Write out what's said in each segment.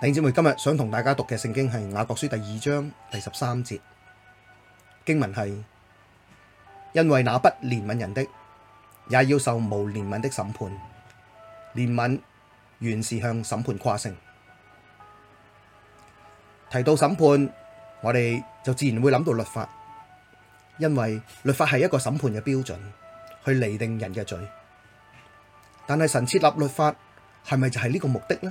弟兄姊妹，今日想同大家讀嘅聖經係雅各書第二章第十三節。經文係：因為那不憐憫人的，也要受無憐憫的審判。憐憫原是向審判誇勝。提到審判，我哋就自然會諗到律法，因為律法係一個審判嘅標準，去釐定人嘅罪。但係神設立律法，係咪就係呢個目的呢？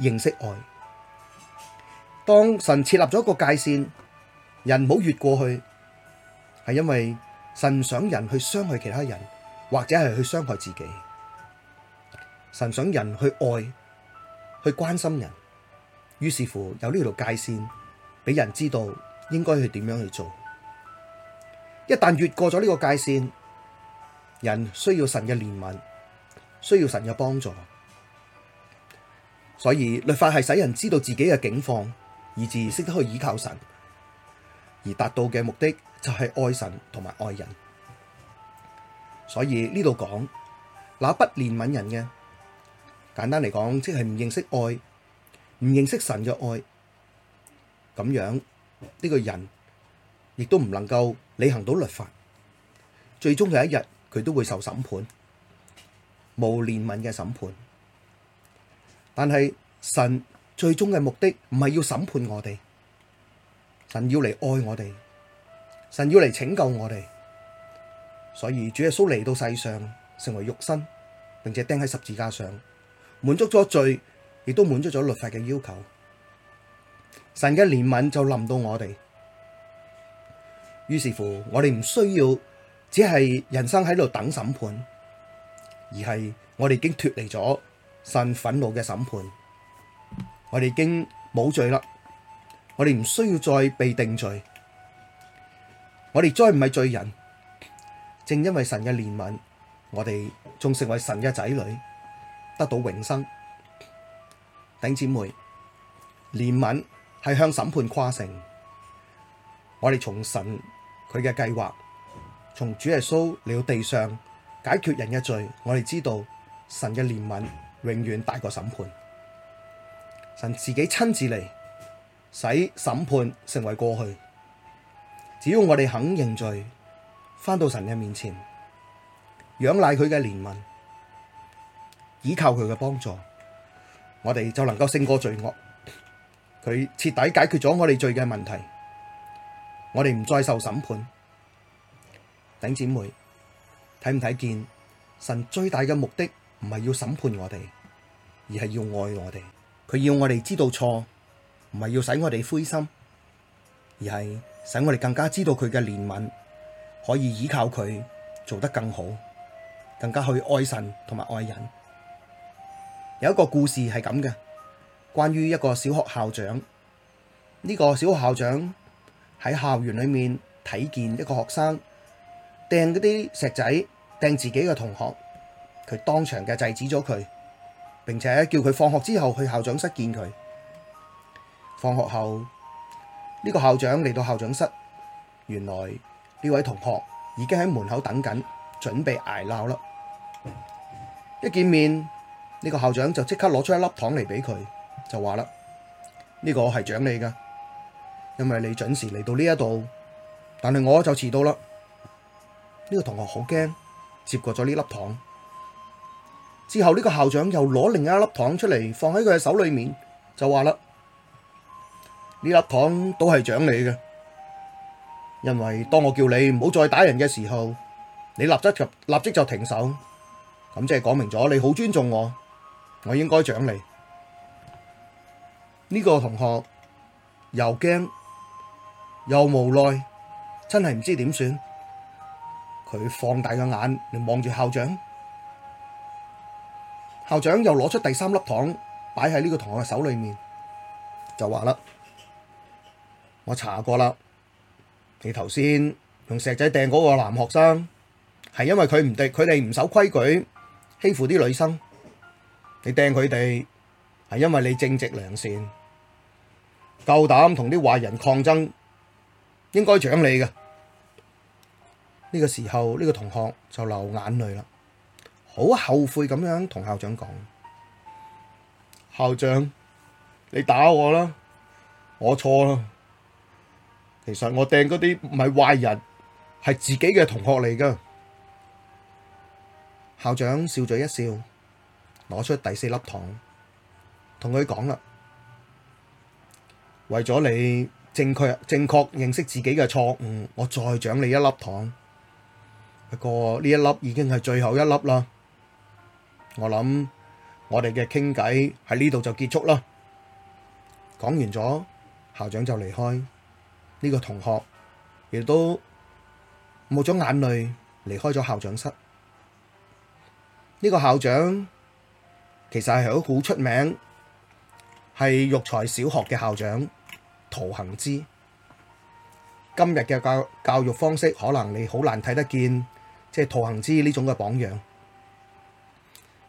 認識愛，當神設立咗一個界線，人唔好越過去，係因為神唔想人去傷害其他人，或者係去傷害自己。神想人去愛，去關心人，於是乎有呢條界線俾人知道應該去點樣去做。一旦越過咗呢個界線，人需要神嘅憐憫，需要神嘅幫助。所以律法係使人知道自己嘅境況，以至識得去依靠神，而達到嘅目的就係愛神同埋愛人。所以呢度講，那不憐憫人嘅，簡單嚟講，即係唔認識愛，唔認識神嘅愛，咁樣呢個人亦都唔能夠履行到律法，最終有一日佢都會受審判，無憐憫嘅審判。但係神最終嘅目的唔係要審判我哋，神要嚟愛我哋，神要嚟拯救我哋，所以主耶穌嚟到世上成為肉身，並且釘喺十字架上，滿足咗罪，亦都滿足咗律法嘅要求。神嘅憐憫就臨到我哋，於是乎我哋唔需要，只係人生喺度等審判，而係我哋已經脫離咗，神憤怒嘅審判，我哋已經冇罪啦，我哋唔需要再被定罪，我哋再唔係罪人，正因為神嘅憐憫，我哋仲成為神嘅仔女，得到永生。頂姐妹，憐憫係向審判誇勝，我哋從神佢嘅計劃，從主耶穌嚟到地上解決人嘅罪，我哋知道神嘅憐憫。永遠大過審判，神自己親自嚟，使審判成為過去。只要我哋肯認罪，翻到神嘅面前，仰賴佢嘅憐憫，依靠佢嘅幫助，我哋就能夠勝過罪惡。佢徹底解決咗我哋罪嘅問題，我哋唔再受審判。頂姐妹，睇唔睇見神最大嘅目的？唔係要審判我哋，而係要愛我哋。佢要我哋知道錯，唔係要使我哋灰心，而係使我哋更加知道佢嘅憐憫，可以依靠佢做得更好，更加去愛神同埋愛人。有一個故事係咁嘅，關於一個小學校長。呢個小學校長喺校園裏面睇見一個學生掟嗰啲石仔掟自己嘅同學。佢當場嘅制止咗佢，並且叫佢放學之後去校長室見佢。放學後，呢個校長嚟到校長室，原來呢位同學已經喺門口等緊，準備挨鬧啦。一見面，呢個校長就即刻攞出一粒糖嚟俾佢，就話啦：呢個係獎你噶，因為你準時嚟到呢一度，但係我就遲到啦。呢個同學好驚，接過咗呢粒糖。之後呢個校長又攞另一粒糖出嚟放喺佢嘅手裏面，就話啦：呢粒糖都係獎你嘅，因為當我叫你唔好再打人嘅時候，你立即就立即就停手，咁即係講明咗你好尊重我，我應該獎你。呢個同學又驚又無奈，真係唔知點算，佢放大個眼嚟望住校長。校長又攞出第三粒糖，擺喺呢個同學嘅手裏面，就話啦：我查過啦，你頭先用石仔掟嗰個男學生，係因為佢唔佢哋唔守規矩，欺負啲女生。你掟佢哋，係因為你正直良善，夠膽同啲壞人抗爭，應該獎你嘅。呢個時候，呢個同學就流眼淚啦。好後悔咁樣同校長講，校長，你打我啦，我錯啦。其實我掟嗰啲唔係壞人，係自己嘅同學嚟噶。校長笑咗一笑，攞出第四粒糖，同佢講啦：為咗你正確正確認識自己嘅錯誤，我再獎你一粒糖。不過呢一粒已經係最後一粒啦。我諗我哋嘅傾偈喺呢度就結束啦。講完咗，校長就離開。呢個同學亦都冇咗眼淚，離開咗校長室。呢個校長其實係好好出名，係育才小學嘅校長陶行知。今日嘅教教育方式可能你好難睇得見，即係陶行知呢種嘅榜樣。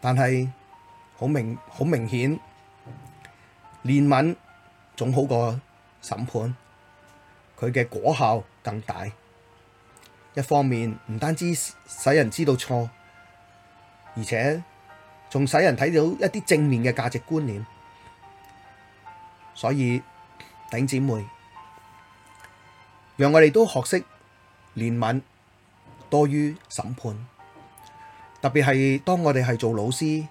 但係好明好明顯，憐憫總好過審判，佢嘅果效更大。一方面唔單止使人知道錯，而且仲使人睇到一啲正面嘅價值觀念。所以弟兄姊妹，讓我哋都學識憐憫多於審判。特別係當我哋係做老師，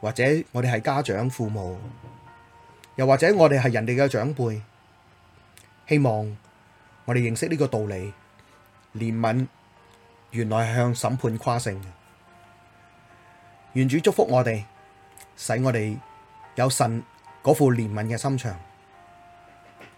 或者我哋係家長、父母，又或者我哋係人哋嘅長輩，希望我哋認識呢個道理，憐憫原來係向審判誇勝嘅。願主祝福我哋，使我哋有神嗰副憐憫嘅心腸。